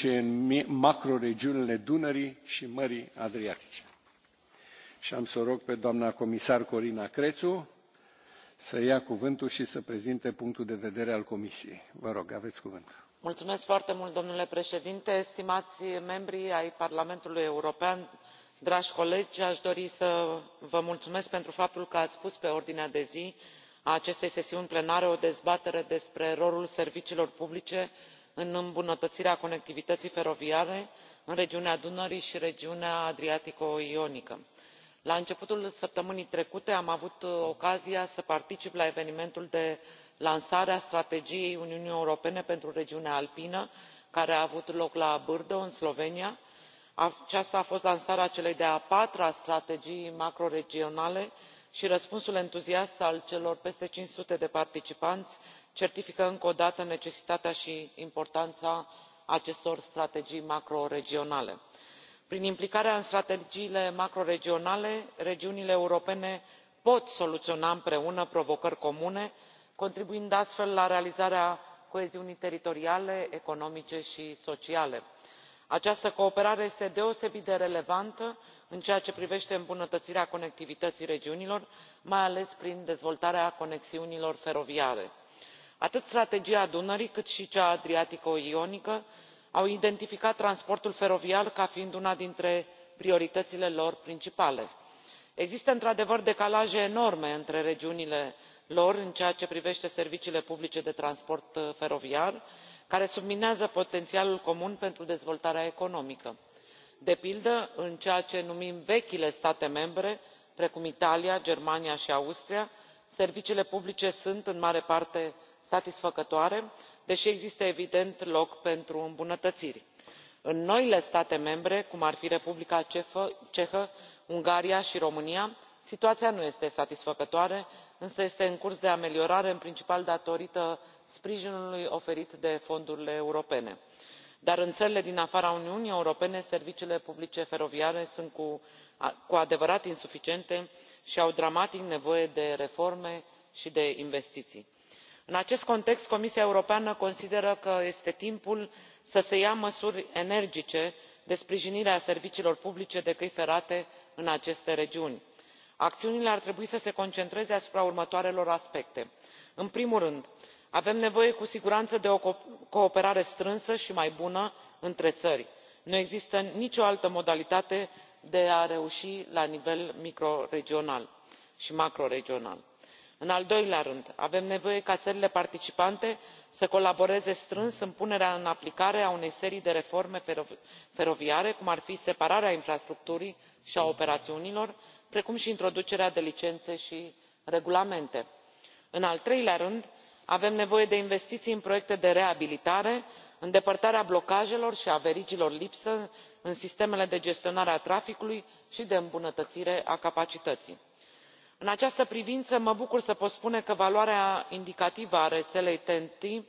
ce în macroregiunile Dunării și Mării Adriatice. Și am să o rog pe doamna comisar Corina Crețu să ia cuvântul și să prezinte punctul de vedere al Comisiei. Vă rog, aveți cuvântul. Mulțumesc foarte mult, domnule președinte, stimați membri ai Parlamentului European, dragi colegi, aș dori să vă mulțumesc pentru faptul că ați pus pe ordinea de zi a acestei sesiuni plenare o dezbatere despre rolul serviciilor publice în îmbunătățirea conectivității feroviare în regiunea dunării și regiunea adriatico ionică. la începutul săptămânii trecute am avut ocazia să particip la evenimentul de lansare a strategiei uniunii europene pentru regiunea alpină care a avut loc la brdo în slovenia. aceasta a fost lansarea celei de a patra strategii macroregionale și răspunsul entuziast al celor peste cinci sute de participanți certifică încă o dată necesitatea și importanța acestor strategii macroregionale. prin implicarea în strategiile macroregionale regiunile europene pot soluționa împreună provocări comune contribuind astfel la realizarea coeziunii teritoriale economice și sociale. această cooperare este deosebit de relevantă în ceea ce privește îmbunătățirea conectivității regiunilor mai ales prin dezvoltarea conexiunilor feroviare atât strategia dunării cât și cea adriatico ionică au identificat transportul feroviar ca fiind una dintre prioritățile lor principale. există într adevăr decalaje enorme între regiunile lor în ceea ce privește serviciile publice de transport uh, feroviar care subminează potențialul comun pentru dezvoltarea economică de pildă în ceea ce numim vechile state membre precum italia germania și austria serviciile publice sunt în mare parte satisfăcătoare deși există evident loc pentru îmbunătățiri. în noile state membre cum ar fi republica cehă ungaria și românia situația nu este satisfăcătoare însă este în curs de ameliorare în principal datorită sprijinului oferit de fondurile europene dar în țările din afara uniunii europene serviciile publice feroviare sunt cu adevărat insuficiente și au dramatic nevoie de reforme și de investiții în acest context comisia europeană consideră că este timpul să se ia măsuri energice de sprijinire a serviciilor publice de căi ferate în aceste regiuni. acțiunile ar trebui să se concentreze asupra următoarelor aspecte în primul rând avem nevoie cu siguranță de o cooperare strânsă și mai bună între țări nu există nicio altă modalitate de a reuși la nivel microregional și macroregional în al doilea rând avem nevoie ca țările participante să colaboreze strâns în punerea în aplicare a unei serii de reforme feroviare cum ar fi separarea infrastructurii și a operațiunilor precum și introducerea de licențe și regulamente. în al treilea rând avem nevoie de investiții în proiecte de reabilitare îndepărtarea blocajelor și a verigilor lipsă în sistemele de gestionare a traficului și de îmbunătățire a capacității în această privință mă bucur să pot spune că valoarea indicativă a rețelei ten t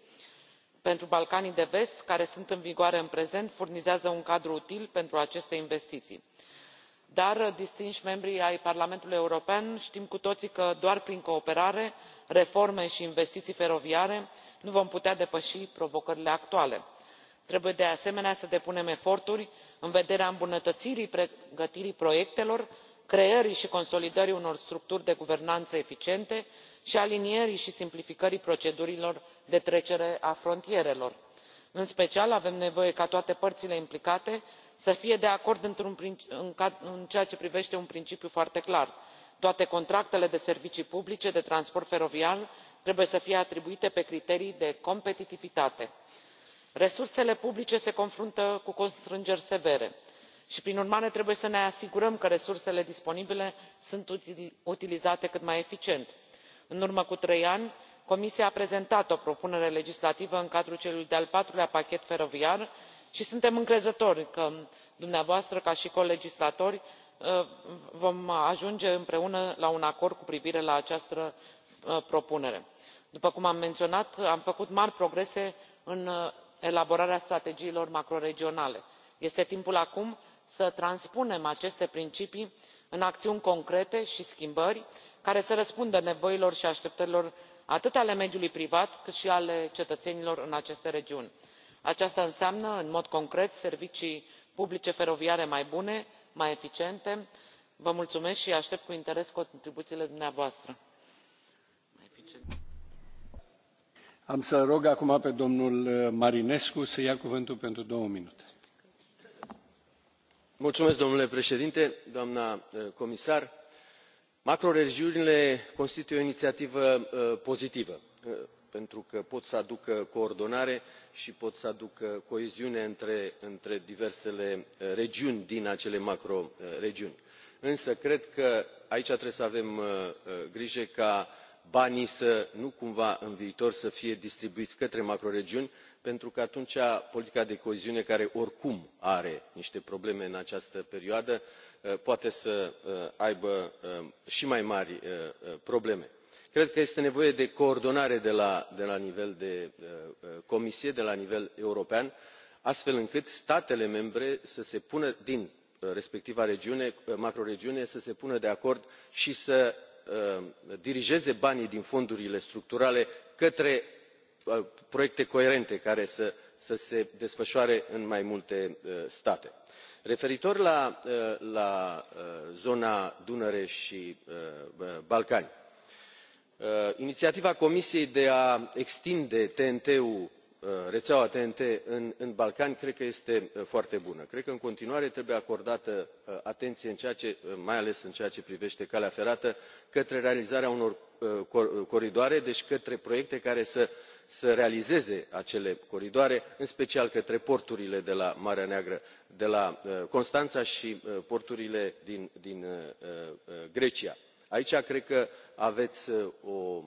pentru balcanii de vest care sunt în vigoare în prezent furnizează un cadru util pentru aceste investiții dar distinși membri ai parlamentului european știm cu toții că doar prin cooperare reforme și investiții feroviare nu vom putea depăși provocările actuale. trebuie de asemenea să depunem eforturi în vederea îmbunătățirii pregătirii proiectelor creării și consolidării unor structuri de guvernanță eficiente și alinierii și simplificării procedurilor de trecere a frontierelor. în special avem nevoie ca toate părțile implicate să fie de acord în ceea ce privește un principiu foarte clar toate contractele de servicii publice de transport feroviar trebuie să fie atribuite pe criterii de competitivitate. resursele publice se confruntă cu constrângeri severe și prin urmare trebuie să ne asigurăm că resursele disponibile sunt utilizate cât mai eficient. în urmă cu trei ani comisia a prezentat o propunere legislativă în cadrul celui de al patrulea pachet feroviar și suntem încrezători că dumneavoastră ca și colegislatori uh, vom ajunge împreună la un acord cu privire la această uh, propunere. după cum am menționat am făcut mari progrese în uh, elaborarea strategiilor macroregionale. este timpul acum să transpunem aceste principii în acțiuni concrete și schimbări care să răspundă nevoilor și așteptărilor atât ale mediului privat cât și ale cetățenilor în aceste regiuni. aceasta înseamnă în mod concret servicii publice feroviare mai bune mai eficiente. vă mulțumesc și aștept cu interes contribuțiile dumneavoastră. am să îl rog acum pe domnul marinescu să ia cuvântul pentru două minute domnule președinte doamnă eh, comisar macroregiunile constituie o inițiativă eh, pozitivă eh, pentru că pot să aducă coordonare și pot să aducă coeziune între diversele regiuni din acele macroregiuni însă cred că aici trebuie să avem grijă ca banii nu cumva în viitor să fie distribuiți către macroregiuni pentru că atunci politica de coeziune care oricum are niște probleme în această perioadă uh, poate să uh, aibă uh, și mai mari probleme. cred că este nevoie de coordonare de la nivel de comisie de la nivel european astfel încât statele membre din respectiva macroregiune să se pună de acord și să Uh, dirigeze banii din fondurile structurale către uh, proiecte coerente care să se desfășoare în mai multe uh, state. referitor la zona dunăre și balcani inițiativa comisiei de a extinde ten t ul Uh, rețeaua ten t în balcani cred că este uh, foarte bună. cred că în continuare trebuie acordată uh, atenție mai ales în ceea ce privește calea ferată către realizarea unor coridoare deci către proiecte care să realizeze acele coridoare în special către porturile de la marea neagră de la constanța și porturile din grecia aici cred că uh, uh,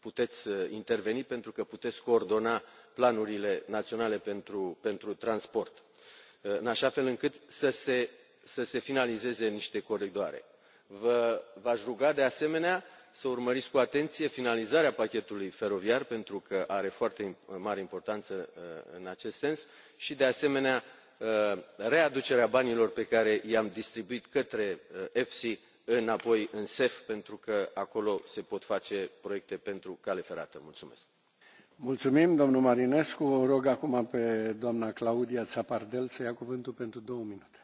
puteți uh, interveni pentru că puteți coordona planurile naționale pentru transport în așa fel încât să se finalizeze niște coridoare. v aș ruga de asemenea să urmăriți cu atenție finalizarea pachetului feroviar pentru că are foarte mare importanță în acest sens și de asemenea readucerea banilor pe care i am distribuit către efsi înapoi în cef pentru că acolo se pot face proiecte pentru cale ferată. mulțumesc. mulțumim domnul marinescu. o rog acum pe doamna claudia țapardel să ia cuvântul pentru două minute.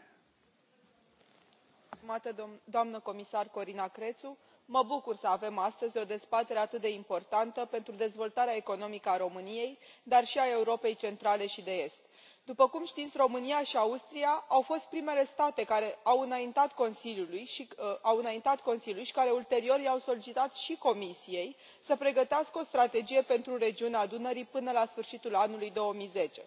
stimată doamnă comisar corina crețu mă bucur să avem astăzi o dezbatere atât de importantă pentru dezvoltarea economică a româniei dar și a europei centrale și de est după cum știți românia și austria au fost primele state care au înaintat consiliului și uh, care ulterior i au solicitat și comisiei să pregătească o strategie pentru regiunea dunării până la sfârșitul anului două mii zece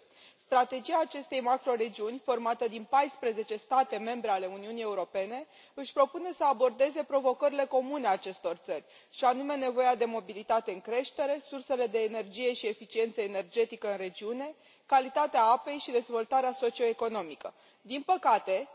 strategia acestei macroregiuni formată din paisprezece state membre ale uniunii europene își propune să abordeze provocările comune acestor țări și anume nevoia de mobilitate în creștere sursele de energie și eficiență energetică în regiune calitatea apei și dezvoltarea socioeconomică. din păcate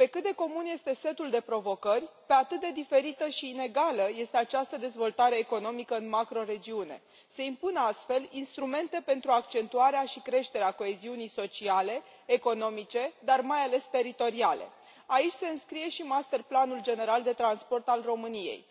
pe cât de comun este setul de provocări pe atât de diferită și inegală este această dezvoltare economică în macroregiune. se impun astfel instrumente pentru accentuarea și creșterea coeziunii sociale economice dar mai ales teritoriale. aici se înscrie și masterplanul general de transport al româniei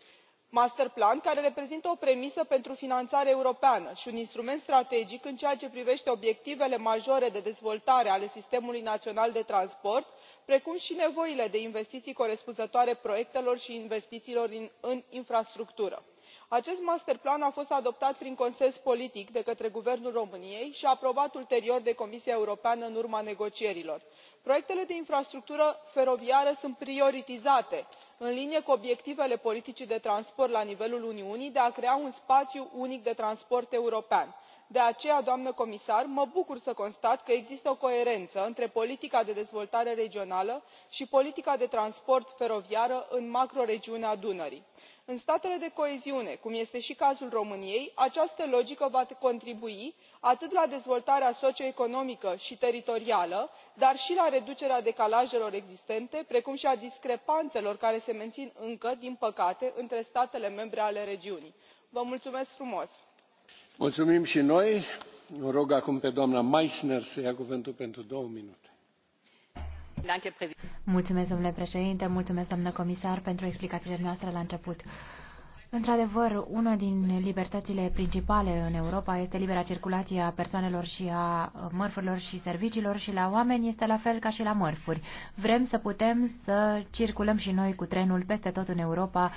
master plan care reprezintă o premisă pentru finanțare europeană și un instrument strategic în ceea ce privește obiectivele majore de dezvoltare ale sistemului național de transport precum și nevoile de investiții corespunzătoare proiectelor și investițiilor în infrastructură acest master plan a fost adoptat prin consens politic de către guvernul româniei și aprobat ulterior de comisia europeană în urma negocierilor. proiectele de infrastructură feroviară sunt prioritizate în linie cu obiectivele politicii de transport la nivelul uniunii de a crea un spațiu unic de transport european. de aceea doamnă comisar mă bucur să constat că există o coerență între politica de dezvoltare regională și politica de transport feroviar în macroregiunea dunării în statele de coeziune cum este și cazul româniei această logică va contribui atât la dezvoltarea socio-economică și teritorială dar și la reducerea decalajelor existente precum și a discrepanțelor care se mențin încă din păcate între statele membre ale regiunii. vă mulțumesc frumos! mulțumim și noi. o rog acum pe doamna meissner să ia cuvântul pentru două minute. Mulțumesc, domnule președinte, mulțumesc, doamnă comisar, pentru explicațiile noastre la început. Într-adevăr, una din libertățile principale în Europa este libera circulație a persoanelor și a mărfurilor și serviciilor și la oameni este la fel ca și la mărfuri. Vrem să putem să circulăm și noi cu trenul peste tot în Europa,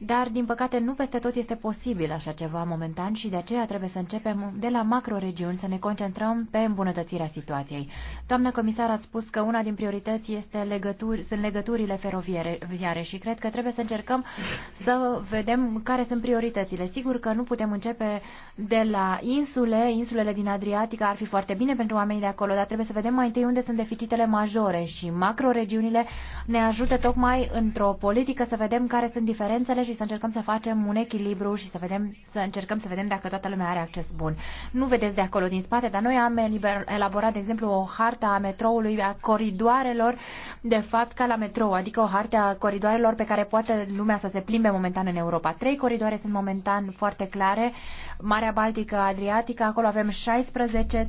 dar din păcate nu peste tot este posibil așa ceva momentan și de aceea trebuie să începem de la macroregiuni să ne concentrăm pe îmbunătățirea situației. Doamna comisar, ați spus că una din priorități este legături, sunt legăturile feroviare și cred că trebuie să încercăm să vedem care sunt prioritățile. Sigur că nu putem începe de la insule, insulele din Adriatică ar fi foarte bine pentru oamenii de acolo, dar trebuie să vedem mai întâi unde sunt deficitele majore și macroregiunile ne ajută tocmai într-o politică să vedem care sunt diferențele și să încercăm să facem un echilibru și să, vedem, să încercăm să vedem dacă toată lumea are acces bun. Nu vedeți de acolo din spate, dar noi am elaborat, de exemplu, o harta a metroului, a coridoarelor, de fapt, ca la metrou, adică o hartă a coridoarelor pe care poate lumea să se plimbe momentan în Europa. Trei coridoare sunt momentan foarte clare Marea Baltică, Adriatică, acolo avem 16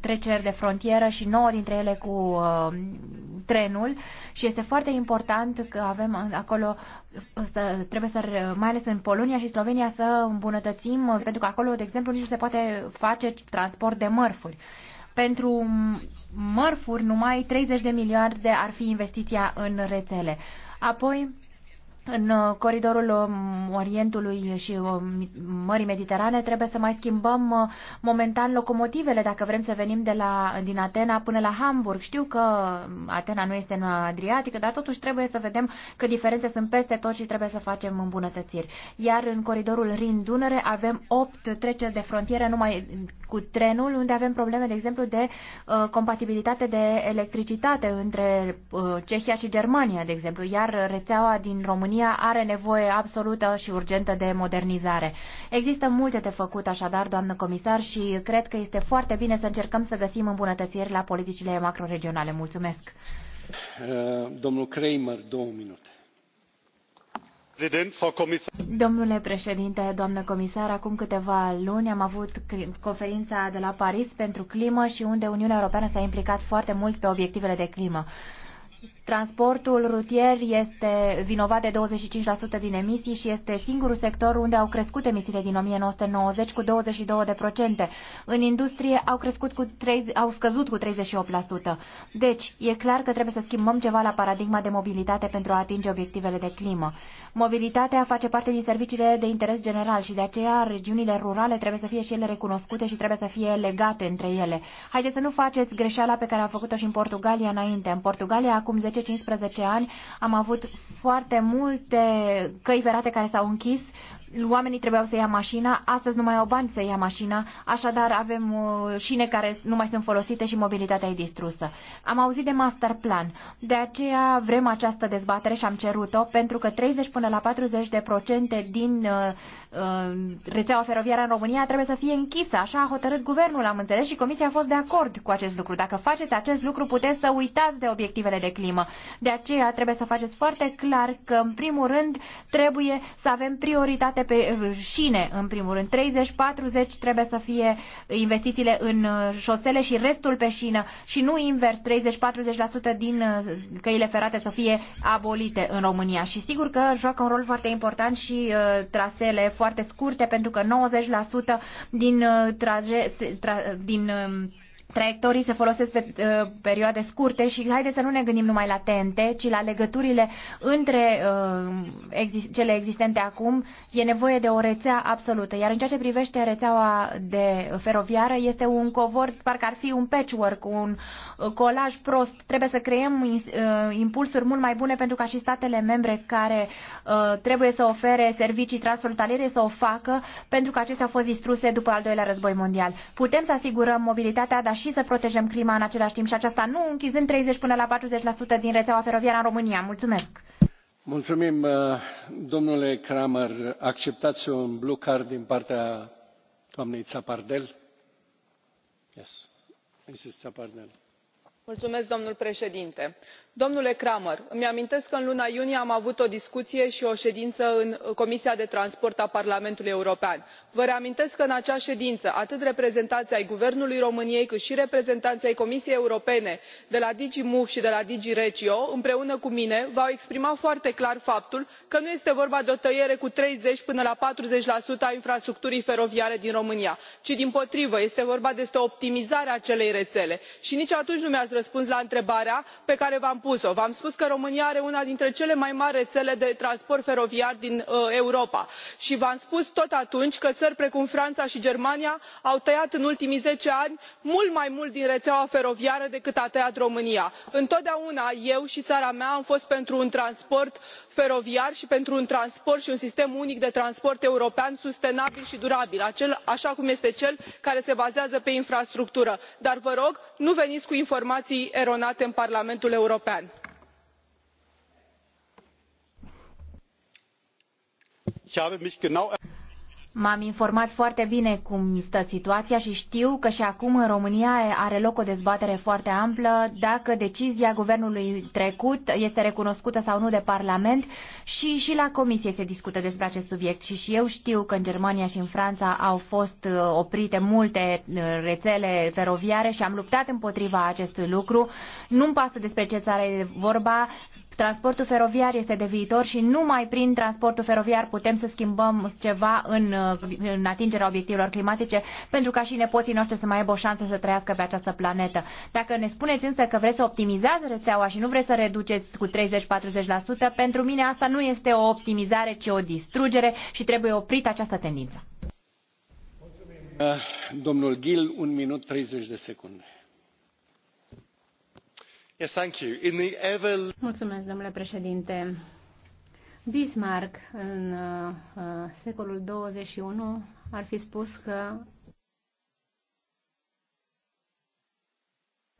treceri de frontieră și 9 dintre ele cu uh, trenul și este foarte important că avem acolo, să, trebuie să, mai ales în Polonia și Slovenia, să îmbunătățim, pentru că acolo, de exemplu, nici nu se poate face transport de mărfuri. Pentru mărfuri, numai 30 de miliarde ar fi investiția în rețele. Apoi, în uh, coridorul um, Orientului și um, Mării Mediterane trebuie să mai schimbăm uh, momentan locomotivele dacă vrem să venim de la, din Atena până la Hamburg. Știu că um, Atena nu este în Adriatică, dar totuși trebuie să vedem că diferențe sunt peste tot și trebuie să facem îmbunătățiri. Iar în coridorul Rin-Dunăre avem 8 treceri de frontieră numai cu trenul, unde avem probleme, de exemplu, de uh, compatibilitate de electricitate între Cehia și Germania, de exemplu, iar rețeaua din România România are nevoie absolută și urgentă de modernizare. Există multe de făcut așadar, doamnă comisar, și cred că este foarte bine să încercăm să găsim îmbunătățiri la politicile macroregionale. Mulțumesc! Eh, domnul Kramer, două minute. Domnule președinte, doamnă comisar, acum câteva luni am avut conferința de la Paris pentru climă și unde Uniunea Europeană s-a implicat foarte mult pe obiectivele de climă. Transportul rutier este vinovat de 25% din emisii și este singurul sector unde au crescut emisiile din 1990 cu 22%. În industrie au, crescut cu 30, au scăzut cu 38%. Deci, e clar că trebuie să schimbăm ceva la paradigma de mobilitate pentru a atinge obiectivele de climă. Mobilitatea face parte din serviciile de interes general și de aceea regiunile rurale trebuie să fie și ele recunoscute și trebuie să fie legate între ele. Haideți să nu faceți greșeala pe care a făcut-o și în Portugalia înainte. În Portugalia, acum 10 10-15 ani am avut foarte multe căi ferate care s-au închis, oamenii trebuiau să ia mașina, astăzi nu mai au bani să ia mașina, așadar avem uh, șine care nu mai sunt folosite și mobilitatea e distrusă. Am auzit de master plan, de aceea vrem această dezbatere și am cerut-o, pentru că 30 până la 40% din uh, Uh, rețeaua feroviară în România trebuie să fie închisă. Așa a hotărât guvernul, am înțeles, și Comisia a fost de acord cu acest lucru. Dacă faceți acest lucru, puteți să uitați de obiectivele de climă. De aceea trebuie să faceți foarte clar că, în primul rând, trebuie să avem prioritate pe uh, șine, în primul rând. 30-40 trebuie să fie investițiile în uh, șosele și restul pe șină și nu invers 30-40% din căile ferate să fie abolite în România. Și sigur că joacă un rol foarte important și trasele foarte scurte, pentru că 90% din, uh, traje, tra, din um, traiectorii se folosesc pe uh, perioade scurte și haideți să nu ne gândim numai la TNT, ci la legăturile între uh, exi- cele existente acum. E nevoie de o rețea absolută. Iar în ceea ce privește rețeaua de feroviară, este un covor, parcă ar fi un patchwork, un ă, colaj prost. Trebuie să creăm uh, impulsuri mult mai bune pentru ca și statele membre care uh, trebuie să ofere servicii transfrontaliere să o facă, pentru că acestea au fost distruse după al doilea război mondial. Putem să asigurăm mobilitatea, dar și să protejăm clima în același timp și aceasta nu închizând 30 până la 40% din rețeaua feroviară în România. Mulțumesc! Mulțumim, uh, domnule Kramer. Acceptați un blue card din partea doamnei Țapardel? Yes. Mrs. Țapardel. Mulțumesc, domnul președinte domnule cramer îmi amintesc că în luna iunie am avut o discuție și o ședință în comisia pentru transport a parlamentului european. vă reamintesc că în acea ședință atât reprezentanții ai guvernului româniei cât și reprezentanții ai comisiei europene de la dg move și de la dg regio împreună cu mine v au exprimat foarte clar faptul că nu este vorba de o tăiere cu treizeci până la patruzeci a infrastructurii feroviare din românia ci dimpotrivă este vorba despre optimizarea acelei rețele și nici atunci nu mi ați răspuns la întrebarea pe care v am propus o v am spus că românia are una dintre cele mai mari rețele de transport feroviar din uh, europa și v am spus tot atunci că țări precum franța și germania au tăiat în ultimii zece ani mult mai mult din rețeaua feroviară decât a tăiat românia. întotdeauna eu și țara mea am fost pentru un transport feroviar și pentru un transport și un sistem unic de transport european sustenabil și durabil așa cum este cel care se bazează pe infrastructură dar vă rog nu veniți cu informații eronate în parlamentul european european. M-am informat foarte bine cum stă situația și știu că și acum în România are loc o dezbatere foarte amplă dacă decizia guvernului trecut este recunoscută sau nu de Parlament și și la Comisie se discută despre acest subiect și și eu știu că în Germania și în Franța au fost uh, oprite multe uh, rețele feroviare și am luptat împotriva acestui lucru. Nu-mi pasă despre ce țară e vorba, Transportul feroviar este de viitor și numai prin transportul feroviar putem să schimbăm ceva în, în atingerea obiectivelor climatice pentru ca și nepoții noștri să mai aibă o șansă să trăiască pe această planetă. Dacă ne spuneți însă că vreți să optimizați rețeaua și nu vreți să reduceți cu 30-40%, pentru mine asta nu este o optimizare, ci o distrugere și trebuie oprită această tendință. Uh, domnul Gil, un minut 30 de secunde Mulțumesc, domnule președinte. Bismarck, în uh, secolul 21, ar fi spus că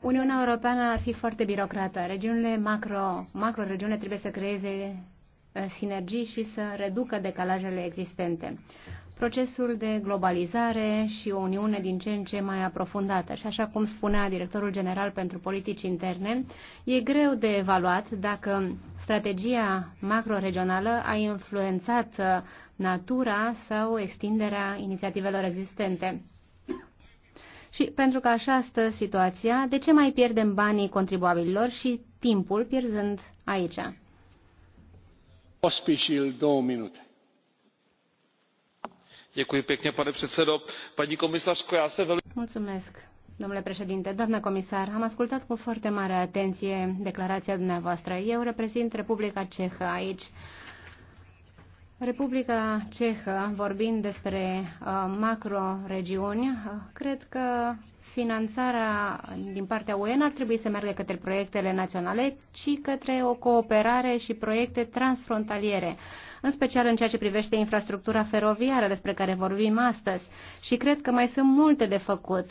Uniunea Europeană ar fi foarte birocrată. Regiunile macro, macro trebuie să creeze uh, sinergii și să reducă decalajele existente procesul de globalizare și o uniune din ce în ce mai aprofundată. Și așa cum spunea directorul general pentru politici interne, e greu de evaluat dacă strategia macroregională a influențat uh, natura sau extinderea inițiativelor existente. Și pentru că așa stă situația, de ce mai pierdem banii contribuabililor și timpul pierzând aici? Ospișil două minute pane domnule președinte doamnă comisar am ascultat cu foarte mare atenție declarația dumneavoastră. eu reprezint republica cehă aici. Republica Cehă, vorbind despre uh, macroregiuni, uh, cred că finanțarea din partea UE nu ar trebui să meargă către proiectele naționale, ci către o cooperare și proiecte transfrontaliere în special în ceea ce privește infrastructura feroviară despre care vorbim astăzi. Și cred că mai sunt multe de făcut.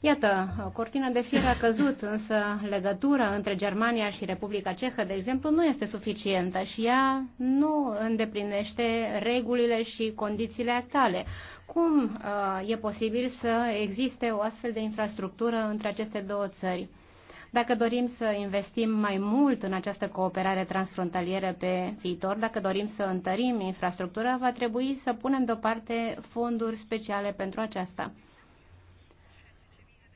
Iată, cortina de fier a căzut, însă legătura între Germania și Republica Cehă, de exemplu, nu este suficientă și ea nu îndeplinește regulile și condițiile actuale. Cum uh, e posibil să existe o astfel de infrastructură între aceste două țări? Dacă dorim să investim mai mult în această cooperare transfrontalieră pe viitor, dacă dorim să întărim infrastructura, va trebui să punem deoparte fonduri speciale pentru aceasta.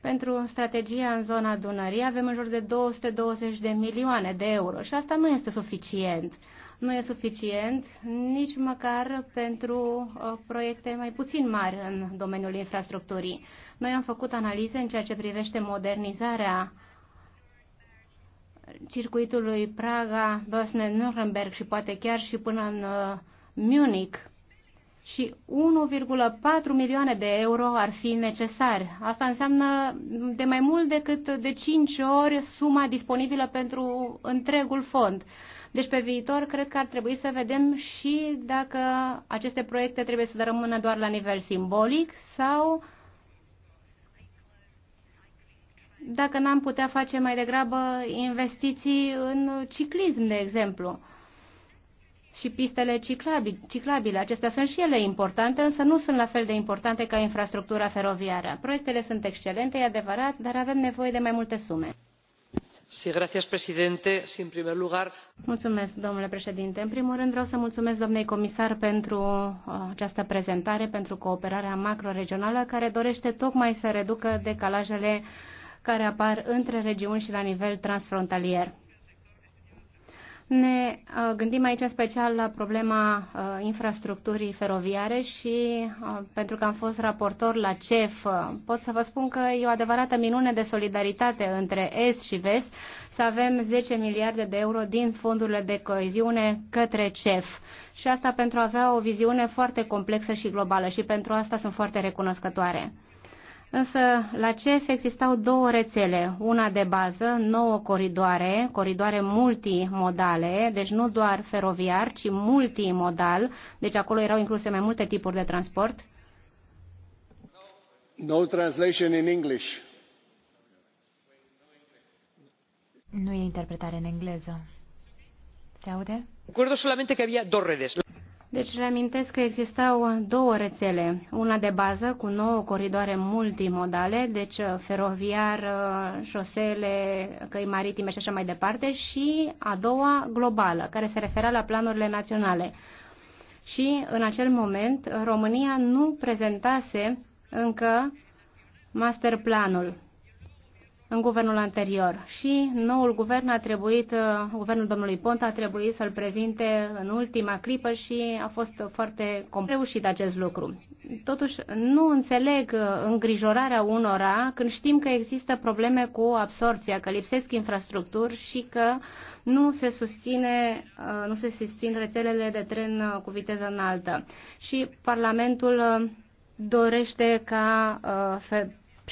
Pentru strategia în zona Dunării avem în jur de 220 de milioane de euro și asta nu este suficient. Nu e suficient nici măcar pentru uh, proiecte mai puțin mari în domeniul infrastructurii. Noi am făcut analize în ceea ce privește modernizarea circuitului Praga, Bosnia-Nuremberg și poate chiar și până în uh, Munich și 1,4 milioane de euro ar fi necesar. Asta înseamnă de mai mult decât de 5 ori suma disponibilă pentru întregul fond. Deci pe viitor cred că ar trebui să vedem și dacă aceste proiecte trebuie să rămână doar la nivel simbolic sau uh, dacă n-am putea face mai degrabă investiții în ciclism, de exemplu, și pistele ciclabile. Acestea sunt și ele importante, însă nu sunt la fel de importante ca infrastructura feroviară. Proiectele sunt excelente, e adevărat, dar avem nevoie de mai multe sume. Mulțumesc, domnule președinte în primul rând vreau să mulțumesc domnei comisar pentru uh, această prezentare pentru cooperarea macroregională care dorește tocmai să reducă decalajele care apar între regiuni și la nivel transfrontalier. Ne uh, gândim aici în special la problema uh, infrastructurii feroviare și uh, pentru că am fost raportor la CEF, pot să vă spun că e o adevărată minune de solidaritate între Est și Vest să avem 10 miliarde de euro din fondurile de coeziune către CEF. Și asta pentru a avea o viziune foarte complexă și globală și pentru asta sunt foarte recunoscătoare. Însă la CEF existau două rețele, una de bază, nouă coridoare, coridoare multimodale, deci nu doar feroviar, ci multimodal, deci acolo erau incluse mai multe tipuri de transport. No translation in English. Nu e interpretare în engleză. Se aude? Recuerdo solamente că había dos redes. Deci reamintesc că existau două rețele, una de bază cu nouă coridoare multimodale, deci uh, feroviar, uh, șosele, căi maritime și așa mai departe, și a doua globală, care se referea la planurile naționale. Și în acel moment România nu prezentase încă masterplanul în guvernul anterior și noul guvern a trebuit, uh, guvernul domnului Ponta a trebuit să-l prezinte în ultima clipă și a fost foarte reușit acest lucru. Totuși, nu înțeleg uh, îngrijorarea unora când știm că există probleme cu absorția, că lipsesc infrastructuri și că nu se susține, uh, nu se susțin rețelele de tren cu viteză înaltă. Și Parlamentul dorește ca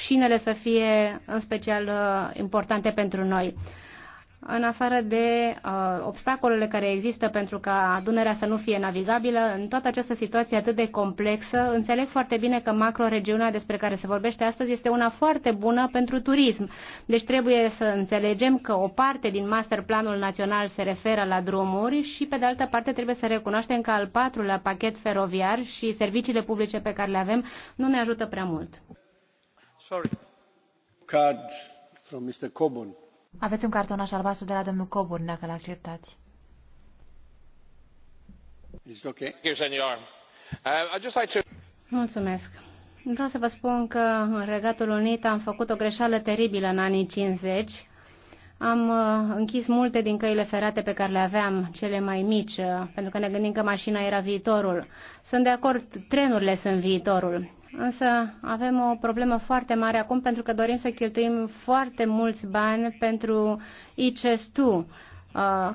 șinele să fie în special uh, importante pentru noi. În afară de uh, obstacolele care există pentru ca Dunărea să nu fie navigabilă, în toată această situație atât de complexă, înțeleg foarte bine că macroregiunea despre care se vorbește astăzi este una foarte bună pentru turism. Deci trebuie să înțelegem că o parte din masterplanul național se referă la drumuri și, pe de altă parte, trebuie să recunoaștem că al patrulea pachet feroviar și serviciile publice pe care le avem nu ne ajută prea mult. Aveți un cartonaș albastru de la domnul Coburn, dacă l acceptați. Uh, Mulțumesc. Vreau să vă spun că în Regatul Unit am făcut o greșeală teribilă în anii 50. Am uh, închis multe din căile ferate pe care le aveam, cele mai mici, uh, pentru că ne gândim că mașina era viitorul. Sunt de acord, trenurile sunt viitorul însă avem o problemă foarte mare acum pentru că dorim să cheltuim foarte mulți bani pentru ics 2 uh,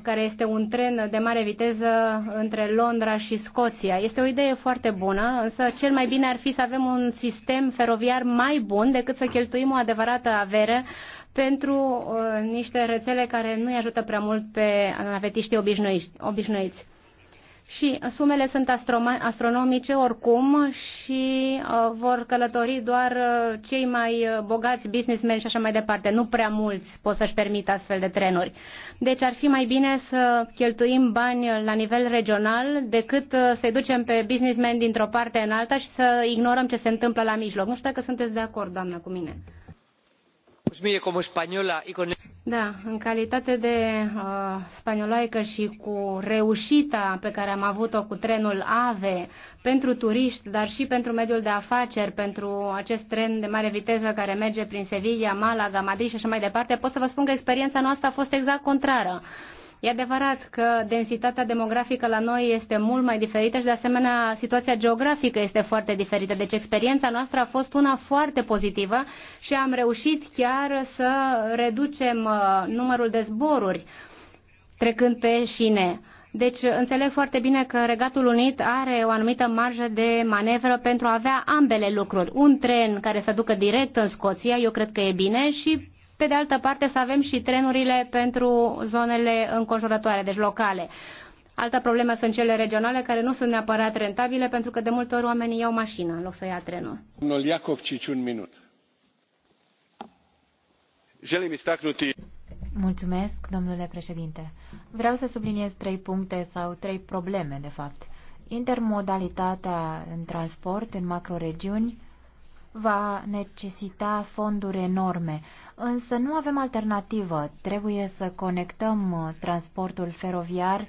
care este un tren de mare viteză între Londra și Scoția. Este o idee foarte bună, însă cel mai bine ar fi să avem un sistem feroviar mai bun decât să cheltuim o adevărată avere pentru uh, niște rețele care nu-i ajută prea mult pe navetiștii obișnuiți și sumele sunt astronomice oricum și uh, vor călători doar uh, cei mai uh, bogați businessmen și așa mai departe. Nu prea mulți pot să-și permită astfel de trenuri. Deci ar fi mai bine să cheltuim bani la nivel regional decât uh, să-i ducem pe businessmen dintr-o parte în alta și să ignorăm ce se întâmplă la mijloc. Nu știu dacă sunteți de acord, doamnă, cu mine. Da, în calitate de uh, spanioloică și cu reușita pe care am avut-o cu trenul AVE pentru turiști, dar și pentru mediul de afaceri, pentru acest tren de mare viteză care merge prin Sevilla, Malaga, Madrid și așa mai departe, pot să vă spun că experiența noastră a fost exact contrară. Uh, E adevărat că densitatea demografică la noi este mult mai diferită și de asemenea situația geografică este foarte diferită. Deci experiența noastră a fost una foarte pozitivă și am reușit chiar să reducem uh, numărul de zboruri trecând pe șine. Deci înțeleg foarte bine că Regatul Unit are o anumită marjă de manevră pentru a avea ambele lucruri. Un tren care să ducă direct în Scoția, eu cred că e bine, și pe de altă parte să avem și trenurile pentru zonele înconjurătoare, deci locale. Alta problemă sunt cele regionale care nu sunt neapărat rentabile pentru că de multe ori oamenii iau mașina în loc să ia trenul. Domnul Cici, un minut. Mulțumesc, domnule președinte. Vreau să subliniez trei puncte sau trei probleme, de fapt. Intermodalitatea în transport, în macroregiuni, va necesita fonduri enorme. Însă nu avem alternativă. Trebuie să conectăm uh, transportul feroviar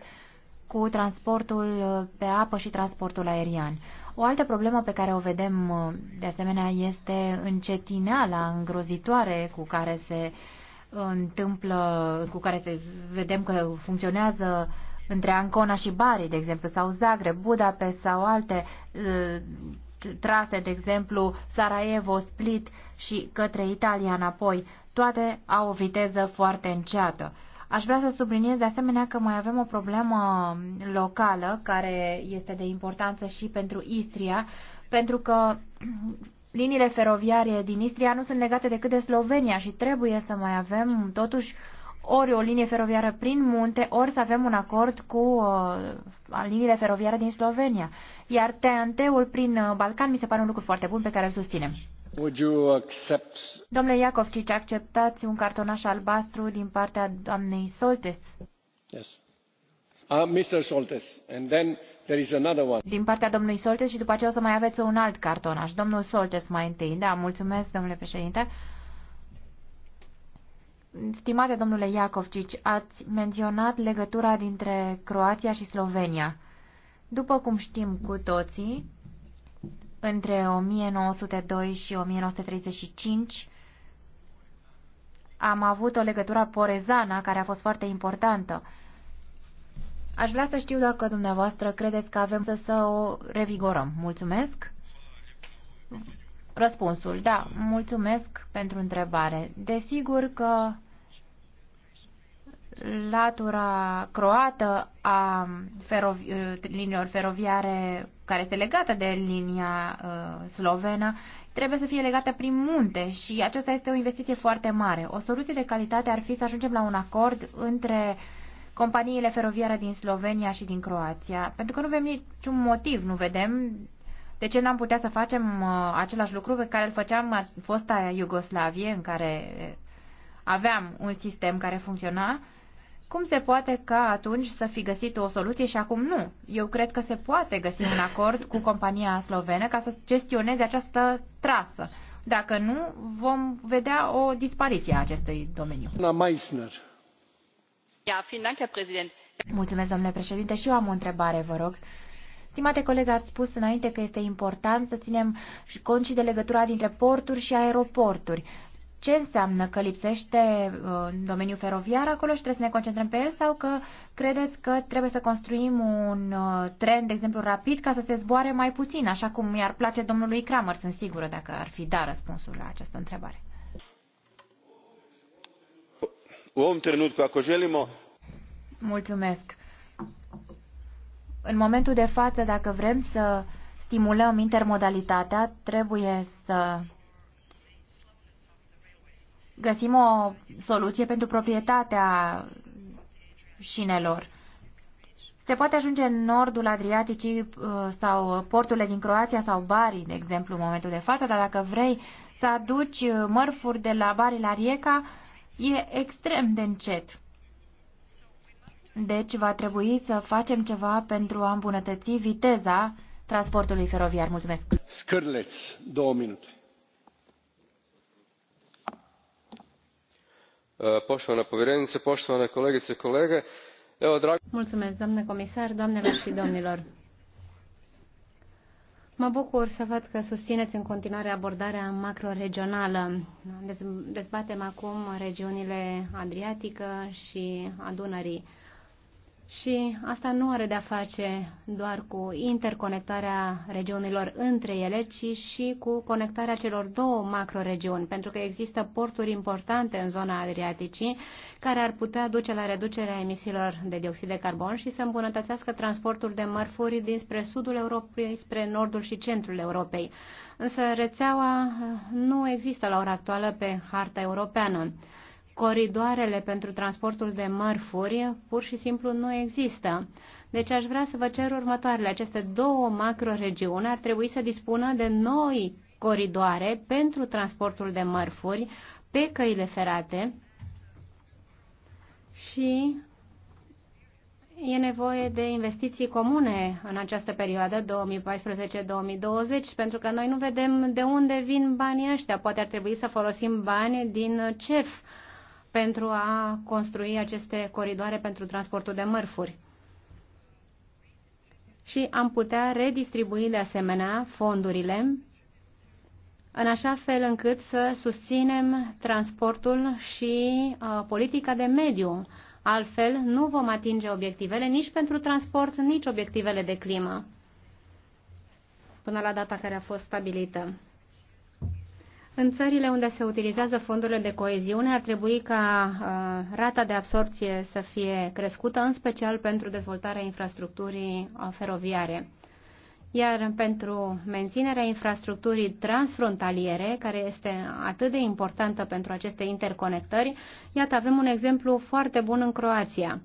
cu transportul uh, pe apă și transportul aerian. O altă problemă pe care o vedem uh, de asemenea este încetineala îngrozitoare cu care se întâmplă, cu care se vedem că funcționează între Ancona și Bari, de exemplu, sau Zagreb, Budapest sau alte trase, de exemplu, Sarajevo, Split și către Italia înapoi, toate au o viteză foarte înceată. Aș vrea să subliniez de asemenea că mai avem o problemă locală care este de importanță și pentru Istria, pentru că liniile feroviare din Istria nu sunt legate decât de Slovenia și trebuie să mai avem totuși ori o linie feroviară prin munte, ori să avem un acord cu uh, liniile feroviare din Slovenia. Iar TNT-ul prin uh, Balcan mi se pare un lucru foarte bun pe care îl susținem. Would you accept... Domnule Iacovcici, acceptați un cartonaș albastru din partea doamnei Soltes? Yes. Uh, Mr. Soltes. And then there is another one. Din partea domnului Soltes și după aceea o să mai aveți un alt cartonaș. Domnul Soltes mai întâi. Da, mulțumesc, domnule președinte. Stimate domnule Iacovcici, ați menționat legătura dintre Croația și Slovenia. După cum știm cu toții, între 1902 și 1935 am avut o legătură porezana care a fost foarte importantă. Aș vrea să știu dacă dumneavoastră credeți că avem să, să o revigorăm. Mulțumesc. Răspunsul, da, mulțumesc pentru întrebare. Desigur că latura croată a ferovi, uh, liniilor feroviare care este legată de linia uh, slovenă trebuie să fie legată prin munte și aceasta este o investiție foarte mare. O soluție de calitate ar fi să ajungem la un acord între companiile feroviare din Slovenia și din Croația, pentru că nu avem niciun motiv, nu vedem de ce n-am putea să facem uh, același lucru pe care îl făceam fosta Iugoslavie, în care uh, aveam un sistem care funcționa cum se poate ca atunci să fi găsit o soluție și acum nu? Eu cred că se poate găsi un acord cu compania slovenă ca să gestioneze această trasă. Dacă nu, vom vedea o dispariție a acestui domeniu. Na Meissner. Ja, vielen Dank, Herr Präsident. Mulțumesc, domnule președinte, și eu am o întrebare, vă rog. Stimate coleg, ați spus înainte că este important să ținem cont și de legătura dintre porturi și aeroporturi ce înseamnă că lipsește uh, domeniul feroviar acolo și trebuie să ne concentrăm pe el sau că credeți că trebuie să construim un uh, tren, de exemplu, rapid ca să se zboare mai puțin, așa cum i-ar place domnului Kramer, sunt sigură dacă ar fi da răspunsul la această întrebare. Mulțumesc. În momentul de față, dacă vrem să stimulăm intermodalitatea, trebuie să găsim o soluție pentru proprietatea șinelor. Se poate ajunge în nordul Adriaticii uh, sau porturile din Croația sau Bari, de exemplu, în momentul de față, dar dacă vrei să aduci uh, mărfuri de la Bari la Rieca, e extrem de încet. Deci va trebui să facem ceva pentru a îmbunătăți viteza transportului feroviar. Mulțumesc! Scârleț, două minute Uh, poštovana povjerenice poštovane kolegice i kolege Mulțumesc, doamnă comisar, doamnelor și domnilor. Mă bucur să văd că susțineți în continuare abordarea macroregională. Dezbatem acum regiunile Adriatică și a Dunării. Și asta nu are de-a face doar cu interconectarea regiunilor între ele, ci și cu conectarea celor două macroregiuni, pentru că există porturi importante în zona Adriaticii care ar putea duce la reducerea emisiilor de dioxid de carbon și să îmbunătățească transportul de mărfuri dinspre sudul Europei, spre nordul și centrul Europei. Însă rețeaua nu există la ora actuală pe harta europeană coridoarele pentru transportul de mărfuri pur și simplu nu există. Deci aș vrea să vă cer următoarele. Aceste două macroregiuni ar trebui să dispună de noi coridoare pentru transportul de mărfuri pe căile ferate și E nevoie de investiții comune în această perioadă 2014-2020, pentru că noi nu vedem de unde vin banii ăștia. Poate ar trebui să folosim bani din CEF pentru a construi aceste coridoare pentru transportul de mărfuri. Și am putea redistribui de asemenea fondurile în așa fel încât să susținem transportul și uh, politica de mediu. Altfel, nu vom atinge obiectivele nici pentru transport, nici obiectivele de climă până la data care a fost stabilită. În țările unde se utilizează fondurile de coeziune ar trebui ca uh, rata de absorpție să fie crescută, în special pentru dezvoltarea infrastructurii uh, feroviare. Iar pentru menținerea infrastructurii transfrontaliere, care este atât de importantă pentru aceste interconectări, iată, avem un exemplu foarte bun în Croația.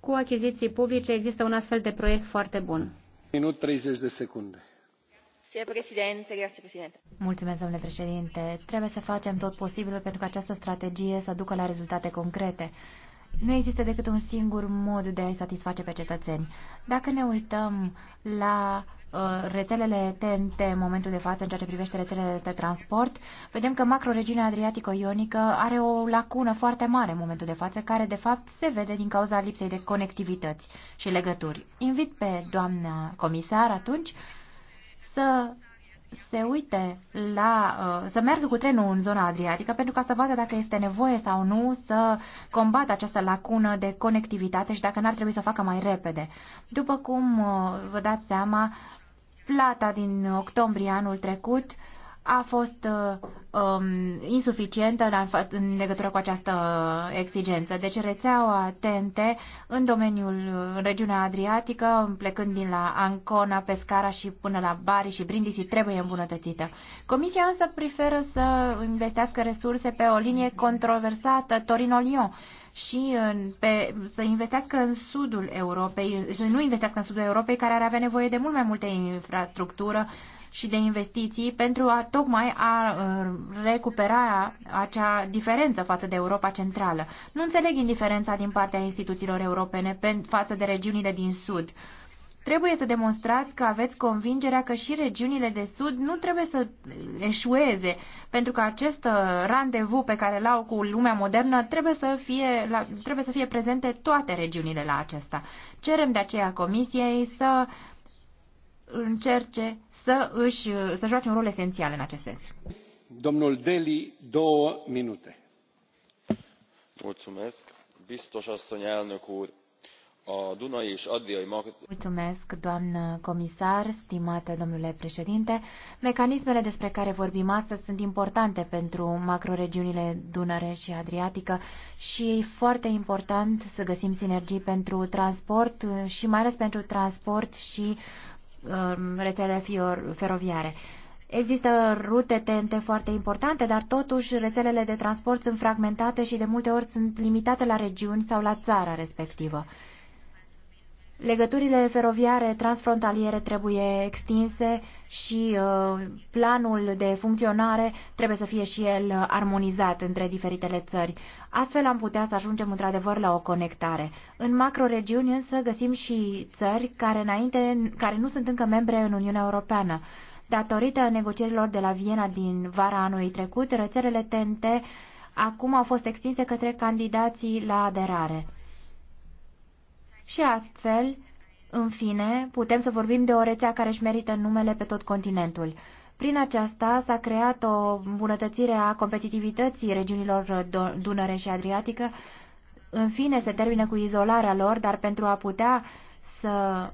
Cu achiziții publice există un astfel de proiect foarte bun. Minut 30 de secunde. Mulțumesc, domnule președinte. Trebuie să facem tot posibilul pentru ca această strategie să ducă la rezultate concrete. Nu există decât un singur mod de a-i satisface pe cetățeni. Dacă ne uităm la uh, rețelele TNT în momentul de față în ceea ce privește rețelele de transport, vedem că macroregiunea Adriatico-Ionică are o lacună foarte mare în momentul de față, care de fapt se vede din cauza lipsei de conectivități și legături. Invit pe doamna comisar atunci să se uite la, uh, să meargă cu trenul în zona Adriatică pentru ca să vadă dacă este nevoie sau nu să combată această lacună de conectivitate și dacă n-ar trebui să o facă mai repede. După cum uh, vă dați seama, plata din octombrie anul trecut uh, a fost uh, um, insuficientă în, în legătură cu această exigență. Deci rețeaua TNT în domeniul, în regiunea Adriatică, plecând din la Ancona, Pescara și până la Bari și Brindisi, trebuie îmbunătățită. Comisia însă preferă să investească resurse pe o linie controversată, Torino-Lyon, și în, pe, să investească în sudul Europei, să nu investească în sudul Europei, care ar avea nevoie de mult mai multe infrastructură, și de investiții pentru a tocmai a uh, recupera acea diferență față de Europa Centrală. Nu înțeleg indiferența din partea instituțiilor europene față de regiunile din Sud. Trebuie să demonstrați că aveți convingerea că și regiunile de sud nu trebuie să eșueze, pentru că acest uh, randevu pe care l-au cu lumea modernă trebuie să, fie, la, trebuie să fie prezente toate regiunile la acesta. Cerem de aceea Comisiei să încerce să, își, să joace un rol esențial în acest sens. Domnul Deli, două minute. Mulțumesc. Biztos asszony elnök úr, a Dunai és Adriai Mulțumesc, doamnă comisar, stimate domnule președinte. Mecanismele despre care vorbim astăzi sunt importante pentru macroregiunile Dunăre și Adriatică și e foarte important să găsim sinergii pentru transport și mai ales pentru transport și Um, rețele feroviare. Există rute TNT foarte importante, dar totuși rețelele de transport sunt fragmentate și de multe ori sunt limitate la regiuni sau la țara respectivă. Legăturile feroviare transfrontaliere trebuie extinse și uh, planul de funcționare trebuie să fie și el armonizat între diferitele țări. Astfel am putea să ajungem într-adevăr la o conectare. În macroregiuni însă găsim și țări care, înainte, care nu sunt încă membre în Uniunea Europeană. Datorită negocierilor de la Viena din vara anului trecut, rețelele TNT acum au fost extinse către candidații la aderare și astfel, în fine, putem să vorbim de o rețea care își merită numele pe tot continentul. Prin aceasta s-a creat o îmbunătățire a competitivității regiunilor Dunăre și Adriatică. În fine, se termină cu izolarea lor, dar pentru a putea să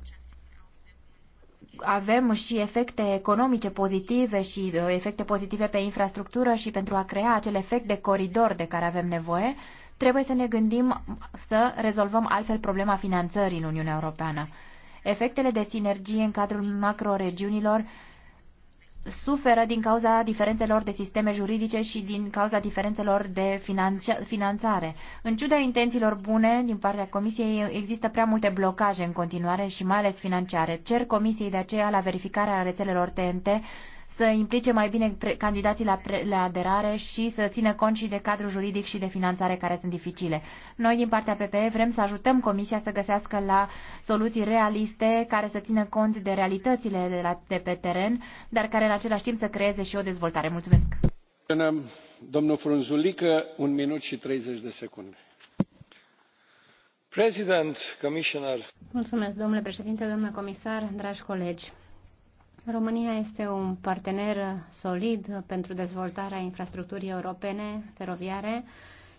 avem și efecte economice pozitive și uh, efecte pozitive pe infrastructură și pentru a crea acel efect de coridor de care avem nevoie, trebuie să ne gândim să rezolvăm altfel problema finanțării în Uniunea Europeană. Efectele de sinergie în cadrul macroregiunilor suferă din cauza diferențelor de sisteme juridice și din cauza diferențelor de finanțare. În ciuda intențiilor bune din partea Comisiei, există prea multe blocaje în continuare și mai ales financiare. Cer Comisiei de aceea la verificarea rețelelor TNT să implice mai bine candidații la, pre, la aderare și să țină cont și de cadrul juridic și de finanțare care sunt dificile. Noi, din partea PPE, vrem să ajutăm Comisia să găsească la soluții realiste care să țină cont de realitățile de, la, de pe teren, dar care în același timp să creeze și o dezvoltare. Mulțumesc! Domnul Frunzulică, un minut și 30 de secunde. President, Commissioner. Mulțumesc, domnule președinte, domnule comisar, dragi colegi România este un partener solid pentru dezvoltarea infrastructurii europene feroviare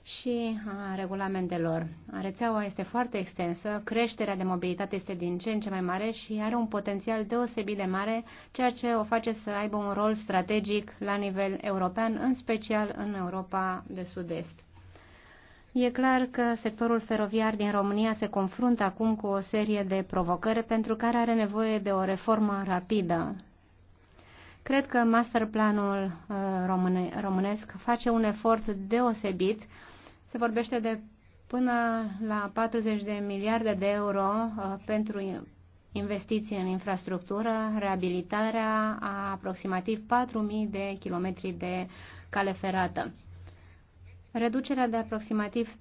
și a regulamentelor. Rețeaua este foarte extensă, creșterea de mobilitate este din ce în ce mai mare și are un potențial deosebit de mare, ceea ce o face să aibă un rol strategic la nivel european, în special în Europa de Sud-Est. E clar că sectorul feroviar din România se confruntă acum cu o serie de provocări pentru care are nevoie de o reformă rapidă. Cred că masterplanul uh, române, românesc face un efort deosebit. Se vorbește de până la 40 de miliarde de euro uh, pentru investiții în infrastructură, reabilitarea a aproximativ 4.000 de kilometri de cale ferată. Reducerea de aproximativ 30%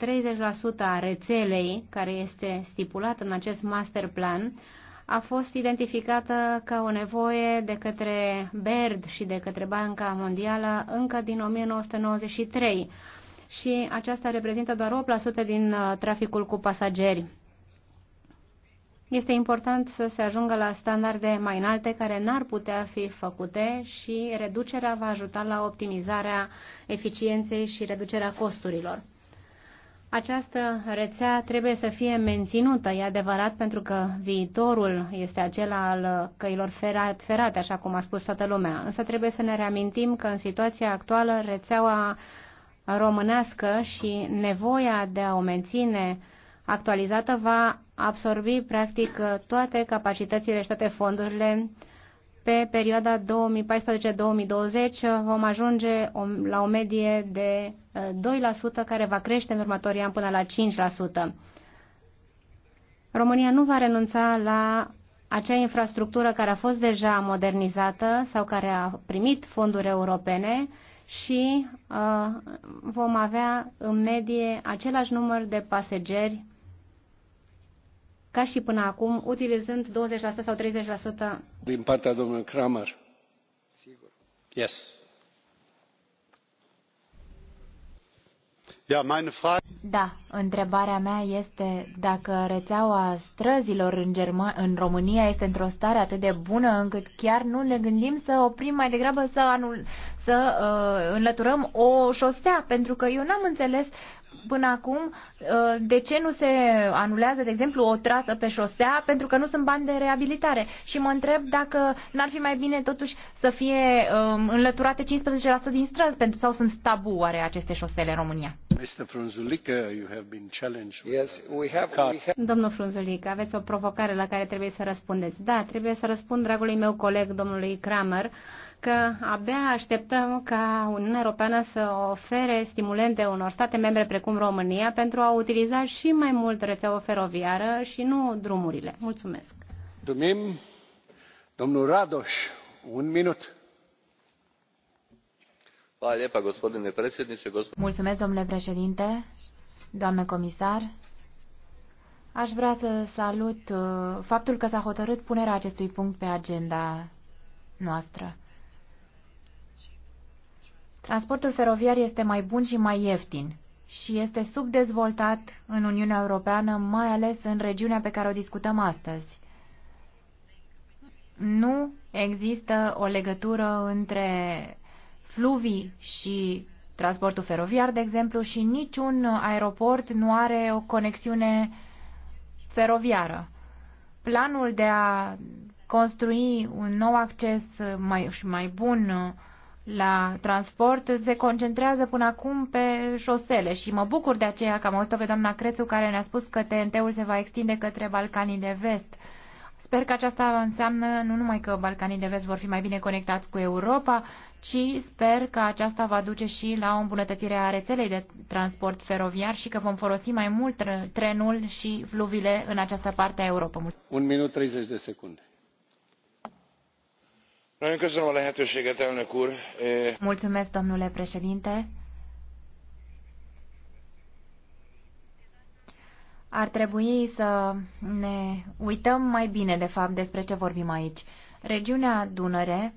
a rețelei, care este stipulată în acest master plan, a fost identificată ca o nevoie de către BERD și de către Banca Mondială încă din 1993 și aceasta reprezintă doar 8% din uh, traficul cu pasageri. Este important să se ajungă la standarde mai înalte care n-ar putea fi făcute și reducerea va ajuta la optimizarea eficienței și reducerea costurilor. Această rețea trebuie să fie menținută, e adevărat, pentru că viitorul este acela al căilor ferate, așa cum a spus toată lumea. Însă trebuie să ne reamintim că în situația actuală rețeaua românească și nevoia de a o menține actualizată va absorbi practic toate capacitățile și toate fondurile pe perioada 2014-2020 vom ajunge la o medie de 2% care va crește în următorii ani până la 5%. România nu va renunța la acea infrastructură care a fost deja modernizată sau care a primit fonduri europene și uh, vom avea în medie același număr de pasageri ca și până acum, utilizând 20% sau 30%. Din partea domnului Kramer. Sigur. Yes. Da, întrebarea mea este dacă rețeaua străzilor în, Germa- în România este într-o stare atât de bună încât chiar nu ne gândim să oprim mai degrabă să, anul- să uh, înlăturăm o șosea, pentru că eu n-am înțeles până acum, uh, de ce nu se anulează, de exemplu, o trasă pe șosea pentru că nu sunt bani de reabilitare. Și mă întreb dacă n-ar fi mai bine totuși să fie um, înlăturate 15% din străzi pentru sau sunt tabu oare aceste șosele în România. Domnul Frunzulic, aveți o provocare la care trebuie să răspundeți. Da, trebuie să răspund dragului meu coleg, domnului Kramer. Uh, că abia așteptăm ca Uniunea Europeană să ofere stimulente unor state membre precum România pentru a utiliza și mai mult rețeaua feroviară și nu drumurile. Mulțumesc. Mulțumim. Domnul Radoș, un minut. Mulțumesc, domnule președinte, doamnă comisar. Aș vrea să salut uh, faptul că s-a hotărât punerea acestui punct pe agenda noastră. Transportul feroviar este mai bun și mai ieftin și este subdezvoltat în Uniunea Europeană, mai ales în regiunea pe care o discutăm astăzi. Nu există o legătură între fluvii și transportul feroviar, de exemplu, și niciun aeroport nu are o conexiune feroviară. Planul de a construi un nou acces mai și mai bun la transport se concentrează până acum pe șosele și mă bucur de aceea că am auzit-o pe doamna Crețu care ne-a spus că TNT-ul se va extinde către Balcanii de Vest. Sper că aceasta înseamnă nu numai că Balcanii de Vest vor fi mai bine conectați cu Europa, ci sper că aceasta va duce și la o îmbunătățire a rețelei de transport feroviar și că vom folosi mai mult trenul și fluvile în această parte a Europei. Un minut 30 de secunde Mulțumesc, domnule președinte. Ar trebui să ne uităm mai bine, de fapt, despre ce vorbim aici. Regiunea Dunăre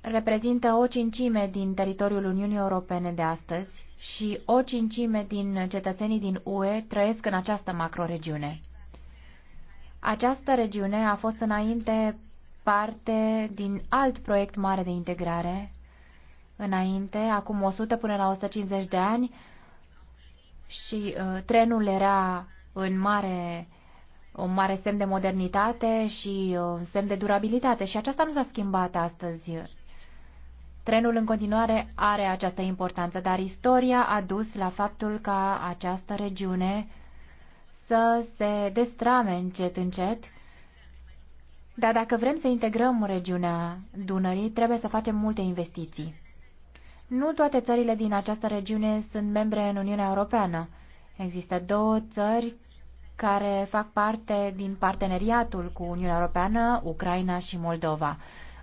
reprezintă o cincime din teritoriul Uniunii Europene de astăzi și o cincime din cetățenii din UE trăiesc în această macroregiune. Această regiune a fost înainte parte din alt proiect mare de integrare înainte, acum 100 până la 150 de ani și uh, trenul era în mare un mare semn de modernitate și uh, un semn de durabilitate și aceasta nu s-a schimbat astăzi. Trenul în continuare are această importanță, dar istoria a dus la faptul ca această regiune să se destrame încet încet dar dacă vrem să integrăm regiunea Dunării, trebuie să facem multe investiții. Nu toate țările din această regiune sunt membre în Uniunea Europeană. Există două țări care fac parte din parteneriatul cu Uniunea Europeană, Ucraina și Moldova.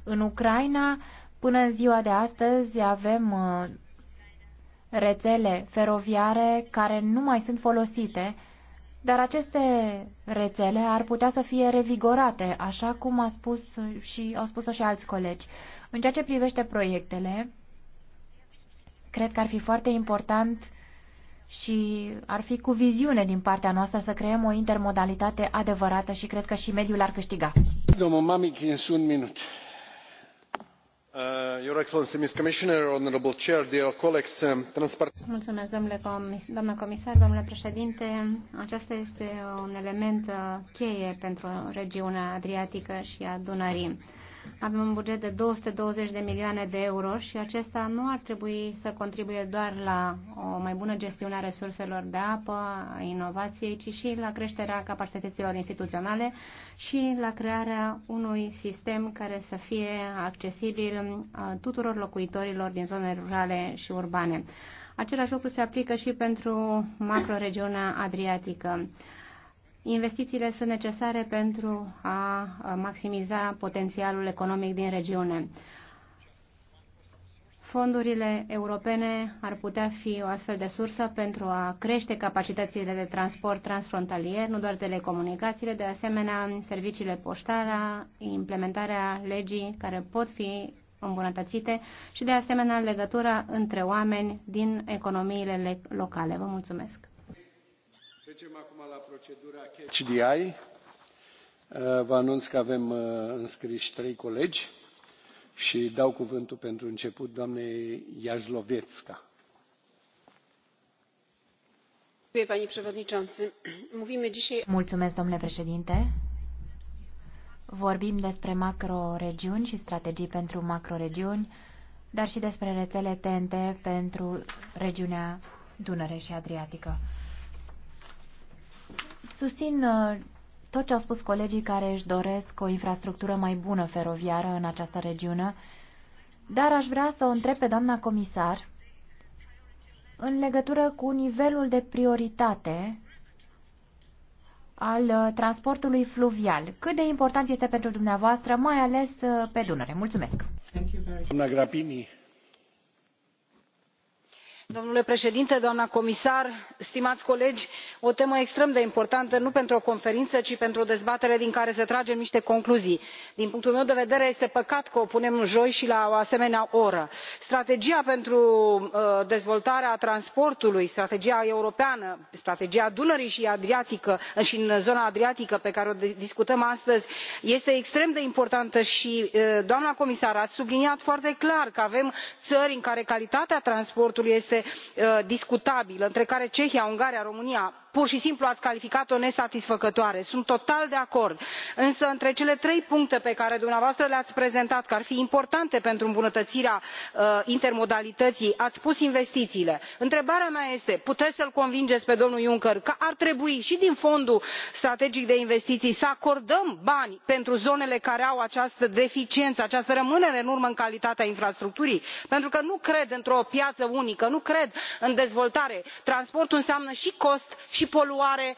În Ucraina, până în ziua de astăzi, avem uh, rețele feroviare care nu mai sunt folosite dar aceste rețele ar putea să fie revigorate, așa cum a spus și, au spus-o și alți colegi. În ceea ce privește proiectele, cred că ar fi foarte important și ar fi cu viziune din partea noastră să creăm o intermodalitate adevărată și cred că și mediul ar câștiga. Domnul Mamic, în un minut doamnă comisar domnule președinte acesta este un element uh, cheie pentru regiunea adriatică și a dunării. Avem un buget de 220 de milioane de euro și acesta nu ar trebui să contribuie doar la o mai bună gestiune a resurselor de apă, a inovației, ci și la creșterea capacităților instituționale și la crearea unui sistem care să fie accesibil uh, tuturor locuitorilor din zone rurale și urbane. Același lucru se aplică și pentru macroregiunea adriatică. Investițiile sunt necesare pentru a maximiza potențialul economic din regiune. Fondurile europene ar putea fi o astfel de sursă pentru a crește capacitățile de transport transfrontalier, nu doar telecomunicațiile, de asemenea serviciile poștare, implementarea legii care pot fi îmbunătățite și de asemenea legătura între oameni din economiile locale. Vă mulțumesc! Trecem acum la procedura uh, Vă anunț că avem uh, înscriși trei colegi și dau cuvântul pentru început doamnei Iazlovetska. Mulțumesc, domnule președinte. Vorbim despre macroregiuni și strategii pentru macroregiuni, dar și despre rețele TNT pentru regiunea Dunăre și Adriatică. Susțin uh, tot ce au spus colegii care își doresc o infrastructură mai bună feroviară în această regiune, dar aș vrea să o întreb pe doamna comisar în legătură cu nivelul de prioritate al uh, transportului fluvial. Cât de important este pentru dumneavoastră, mai ales uh, pe Dunăre? Mulțumesc! Doamna Grapini domnule președinte doamnă comisar stimați colegi o temă extrem de importantă nu pentru o conferință ci pentru o dezbatere din care să tragem niște concluzii. din punctul meu de vedere este păcat că o punem joi și la o asemenea oră. strategia pentru uh, dezvoltarea transportului strategia europeană strategia dunării și uh, în zona adriatică pe care o discutăm astăzi este extrem de importantă și uh, doamnă comisar ați subliniat foarte clar că avem țări în care calitatea transportului este Uh, discutabilă între care cehia ungaria românia pur și simplu ați calificat o nesatisfăcătoare. sunt total de acord însă între cele trei puncte pe care dumneavoastră le ați prezentat ar fi importante pentru îmbunătățirea uh, intermodalității ați pus investițiile. întrebarea mea este puteți să l convingeți pe domnul juncker că ar trebui și din fondul strategic de investiții să acordăm bani pentru zonele care au această deficiență această rămânere în urmă în calitatea infrastructurii? pentru că nu cred într o piață unică nu cred în dezvoltare. transportul înseamnă și cost și și poluare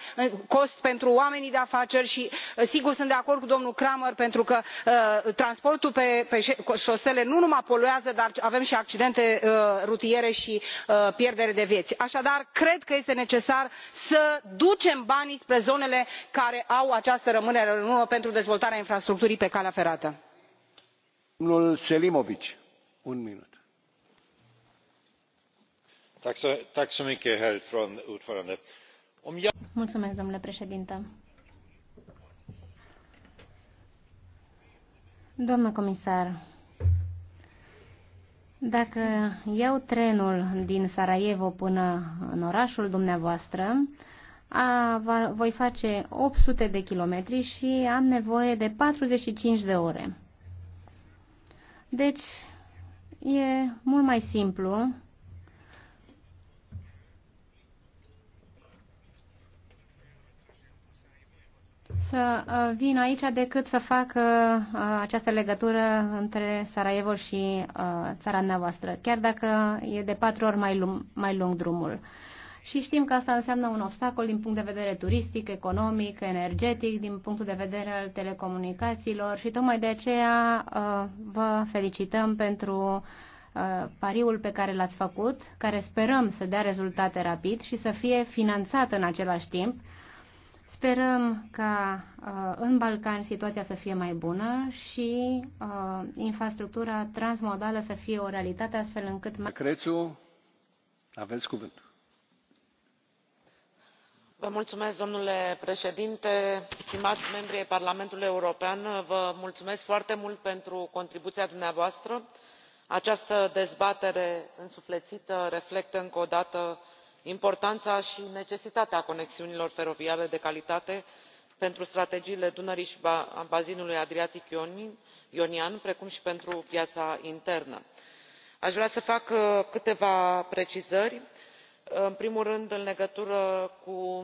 cost pentru oamenii de afaceri și uh, sigur sunt de acord cu domnul cramer pentru că uh, transportul pe șosele nu numai poluează dar avem și accidente uh, rutiere și pierdere de vieți. așadar cred că este necesar să ducem banii spre zonele care au această rămânere în urmă pentru dezvoltarea infrastructurii pe calea ferată. selimovic un minut Mulțumesc, domnule președinte. Doamnă comisar, dacă iau trenul din Sarajevo până în orașul dumneavoastră, a, va, voi face 800 de kilometri și am nevoie de 45 de ore. Deci, e mult mai simplu să uh, vin aici decât să fac uh, uh, această legătură între Sarajevo și țara noastră, chiar dacă e de patru ori mai lung, mai lung drumul. Și știm că asta înseamnă un obstacol din punct de vedere turistic, economic, energetic, din punctul de vedere al telecomunicațiilor și tocmai de aceea vă felicităm pentru pariul pe care l-ați făcut, care sperăm să dea rezultate rapid și să fie finanțat în același timp, Sperăm ca uh, în Balcan situația să fie mai bună și uh, infrastructura transmodală să fie o realitate astfel încât... Mai... Crețu, aveți cuvântul. Vă mulțumesc, domnule președinte stimați membri ai parlamentului european vă mulțumesc foarte mult pentru contribuția dumneavoastră. această dezbatere însuflețită reflectă încă o dată importanța și necesitatea conexiunilor feroviare de calitate pentru strategiile dunării și a bazinului adriatic ionian precum și pentru piața internă. aș vrea să fac uh, câteva precizări uh, în primul rând în legătură cu uh,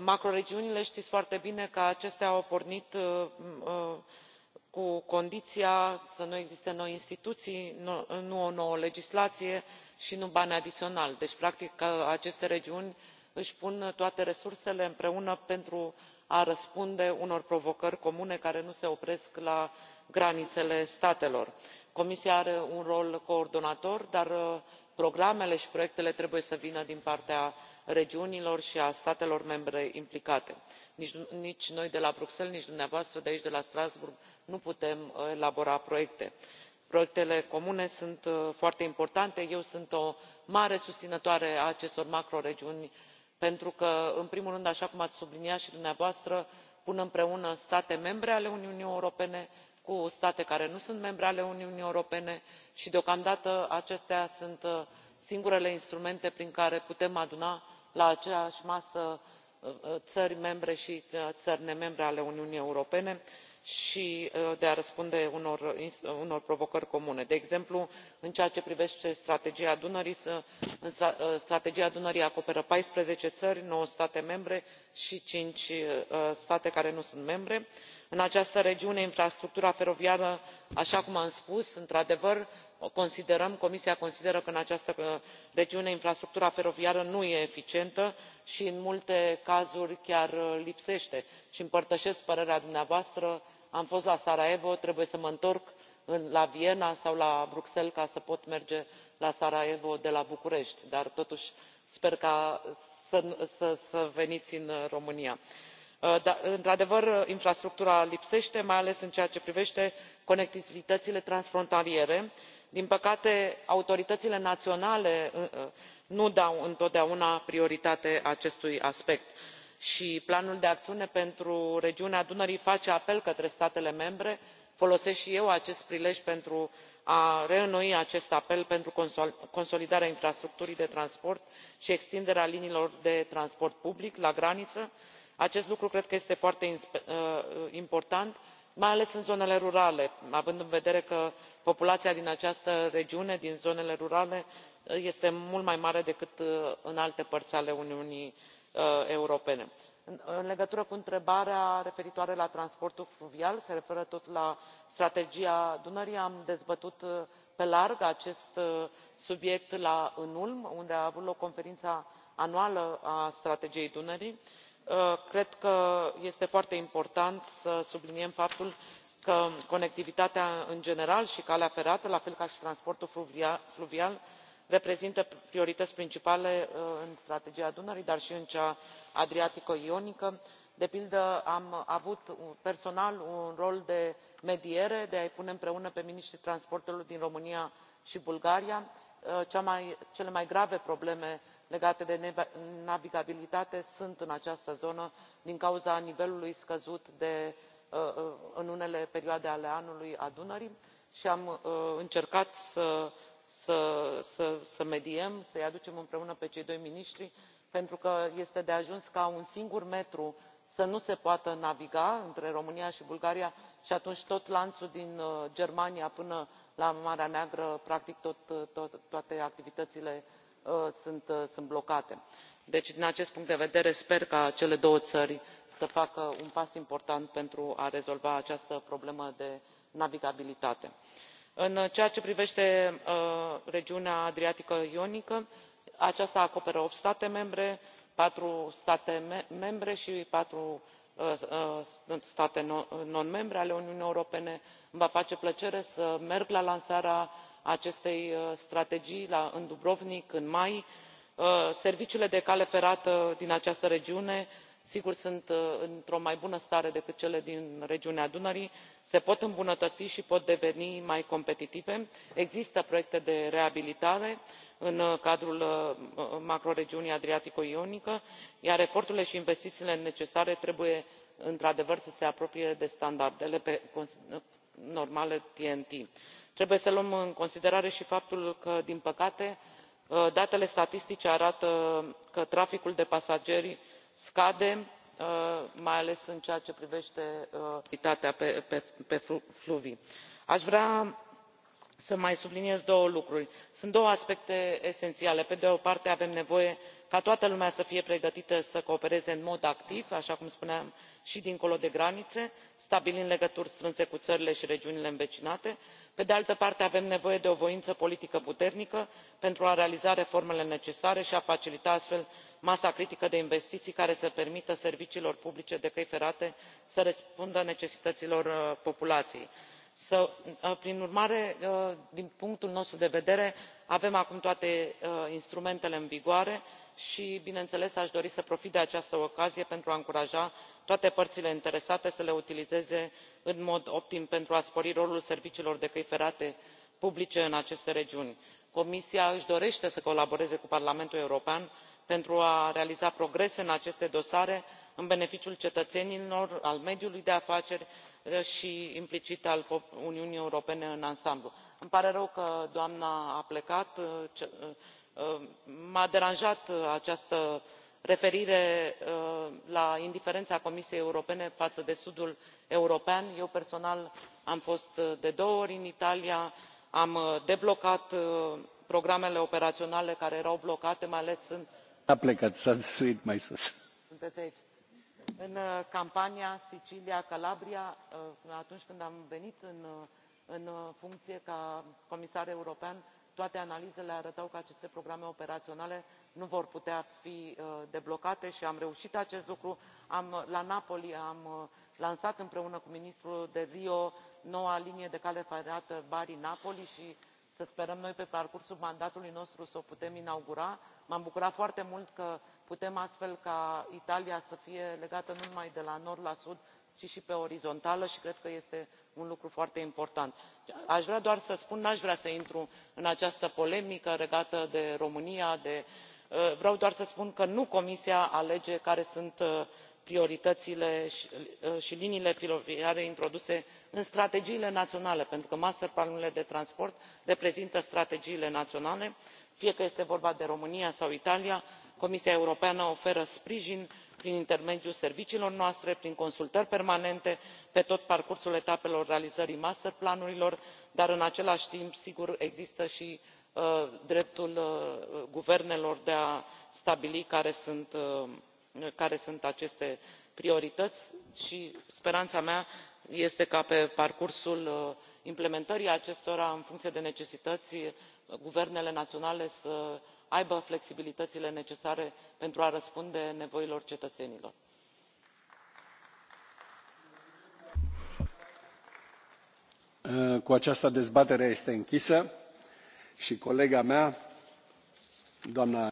macroregiunile știți foarte bine că acestea au pornit cu condiția să nu existe noi instituții nu o nouă legislație și nu bani adiționali deci practic aceste regiuni își pun toate resursele împreună pentru a răspunde unor provocări comune care nu se opresc la granițele statelor. comisia are un rol coordonator dar uh, programele și proiectele trebuie să vină din partea regiunilor și a statelor membre implicate nici noi de la bruxelles nici dumneavoastră de aici de la strasbourg nu putem uh, elabora proiecte. proiectele comune sunt uh, foarte importante eu sunt o mare susținătoare a acestor macroregiuni pentru că în primul rând așa cum ați subliniat și dumneavoastră pun împreună state membre ale uniunii europene cu state care nu sunt membre ale uniunii europene și deocamdată acestea sunt uh, singurele instrumente prin care putem aduna la aceeași masă țări membre și uh, țări nemembre ale uniunii europene și uh, de a răspunde unor provocări comune de exemplu în ceea ce privește strategia dunării uh, strategia dunării acoperă paisprezece țări nouă state membre și cinci state care nu sunt membre. în această regiune infrastructura feroviară așa cum am spus într adevăr Considerăm comisia consideră că în această uh, regiune infrastructura feroviară nu este eficientă și în multe cazuri chiar uh, lipsește și împărtășesc părerea dumneavoastră am fost la sarajevo trebuie să mă întorc la viena sau la bruxelles ca să pot merge la sarajevo de la bucurești dar totuși sper să veniți în uh, românia. Da, într adevăr infrastructura lipsește mai ales în ceea ce privește conectivitățile transfrontaliere și din păcate autoritățile naționale uh, uh, nu dau întotdeauna prioritate acestui aspect și planul de acțiune pentru regiunea dunării face apel către statele membre folosesc și eu acest prilej pentru a reînnoi acest apel pentru consolidarea infrastructurii de transport și extinderea liniilor de transport public la graniță. acest lucru cred că este foarte uh, important și mai ales în zonele rurale având în vedere că populația din această regiune din zonele rurale este mult mai mare decât uh, în alte părți ale uniunii uh, europene. în legătură cu întrebarea referitoare la transportul fluvial se referă tot la strategia dunării am dezbătut uh, pe larg acest subiect în ulm unde a avut loc conferința anuală a strategiei dunării și Uh, cred că este foarte important să subliniem faptul că conectivitatea în general și calea ferată la fel ca și transportul fluvial reprezintă priorități principale uh, în strategia dunării dar și în cea adriatico ionică. de pildă am avut personal un rol de mediere de a i pune împreună pe miniștrii transportelor din românia și bulgaria uh, cele mai grave probleme legate de navigabilitate sunt în această zonă din cauza nivelului scăzut uh, uh, în unele perioade ale anului al dunării și am uh, încercat să mediem să i aducem împreună pe cei doi miniștri pentru că este de ajuns ca un singur metru să nu se poată naviga între românia și bulgaria și atunci tot lanțul din germania până la marea neagră practic toate activitățile Uh, uh, sunt blocate. deci din acest punct de vedere sper ca cele două țări să facă un pas important pentru a rezolva această problemă de navigabilitate. în ceea ce privește uh, regiunea adriatică ionică aceasta acoperă opt state membre patru state membre și patru state non membre ale uniunii europene. îmi va face plăcere să merg la lansarea acestei uh, strategii în dubrovnik în mai uh, serviciile de cale ferată din această regiune sigur sunt uh, într o mai bună stare decât cele din regiunea dunării se pot îmbunătăți și pot deveni mai competitive există proiecte de reabilitare în cadrul macroregiunii adriatico ionică iar eforturile și investițiile necesare trebuie într adevăr să se apropie de standardele normale ten t trebuie să luăm în considerare și faptul că din păcate uh, datele statistice arată că traficul de pasageri scade uh, mai ales în ceea ce privește mobilitatea uh, pe fluvii. aș vrea să mai subliniez două lucruri sunt două aspecte esențiale pe de o parte avem nevoie ca toată lumea să fie pregătită să coopereze în mod activ așa cum spuneam și dincolo de granițe stabilind legături strânse cu țările și regiunile învecinate. pe de altă parte avem nevoie de o voință politică puternică pentru a realiza reformele necesare și a facilita astfel masa critică de investiții care să permită serviciilor publice de căi ferate să răspundă necesităților uh, populației. Uh, prin urmare uh, din punctul nostru de vedere avem acum toate uh, instrumentele în vigoare și bineînțeles aș dori să profit de această ocazie pentru a încuraja toate părțile interesate să le utilizeze în mod optim pentru a spori rolul serviciilor de căi ferate publice în aceste regiuni. comisia își dorește să colaboreze cu parlamentul european pentru a realiza progrese în aceste dosare în beneficiul cetățenilor al mediului de afaceri și implicit al uniunii europene în ansamblu. îmi pare rău că doamna a plecat uh, uh, uh, m a deranjat această referire la indiferența comisiei europene față de sudul european eu personal am fost de două ori în italia am deblocat programele operaționale care erau blocate mai ales în în uh, campania sicilia calabria uh, atunci când am venit în uh, funcție ca comisar european toate analizele arătau că aceste programe operaționale nu vor putea fi deblocate și am reușit acest lucru la napoli am lansat împreună cu ministrul de rio noua linie de cale ferată bari napoli și să sperăm noi pe parcursul mandatului nostru să o putem inaugura. m am bucurat foarte mult că putem astfel ca italia să fie legată nu numai de la nord la sud ci și pe orizontală și cred că este un lucru foarte important. aș vrea doar să spun nu aș vrea să intru în această polemică legată de românia uh, vreau doar să spun că nu comisia alege care sunt uh, prioritățile uh, și liniile feroviare introduse în strategiile naționale pentru că master planurile de transport reprezintă strategiile naționale fie că este vorba de românia sau italia comisia europeană oferă sprijin prin intermediul serviciilor noastre prin consultări permanente pe tot parcursul etapelor realizării master planurilor dar în același timp sigur există și uh, dreptul uh, guvernelor de a stabili uh, care sunt aceste priorități și speranța mea este ca pe parcursul implementării acestora în funcție de necesități guvernele naționale să aibă flexibilitățile necesare pentru a răspunde nevoilor cetățenilor. Eh, cu aceasta dezbaterea este închisă și colega mea doamna